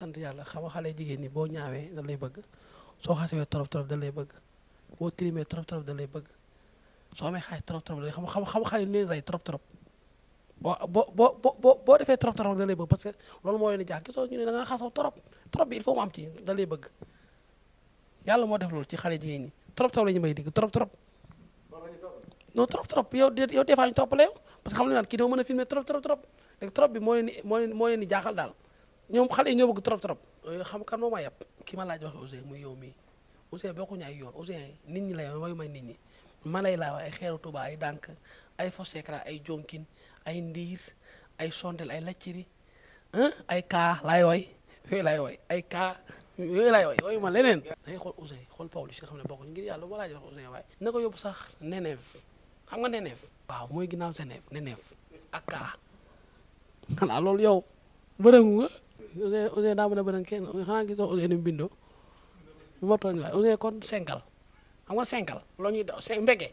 sant yàlla xam nga xale jigéen ñi boo ñaawee da lay bëgg soo xasewee trop trop da lay bëgg boo tilimee trop trop da lay bëgg soo amee xaalis trop trop da lay xam xam xam boo boo boo defee trop trop da bëgg parce que loolu moo leen di jaax gisoo ñu ne da moo def loolu ci xale jigéen ñi trop trop la ñu may digg moo leen moo di jaaxal daal. ñoom xale yi ñoo bëgg trop trop euh, xam kan moo ma yàpp ki ma laaj waxe Ousseyn muy yow mii Ousseyn bokkuñu ay yoon Ousseyn nit ñi la yoon wayu may nit ñi malay laa wax ay xeeru Tuuba ay dànk ay fosekra ay jonkin ay ndiir ay sondel ay lacciri ay kaa laay woy laay woy ay kaa yooyu laay yooyu ma leneen da ngay xool Ousseyn xool Pawlish si xam ne bokkuñu ngir yàlla ma laaj wax Ousseyn waaye na ko yóbbu sax neneef xam nga neneef waaw mooy ginnaaw seneef neneef ak kaa xanaa yow bërëngu Ouzin Ouzin daa mën a bëri kenn xanaa gisoo Ouzin ni mu bindoo bu ma kon senkal xam senkal loo ñuy daw mbege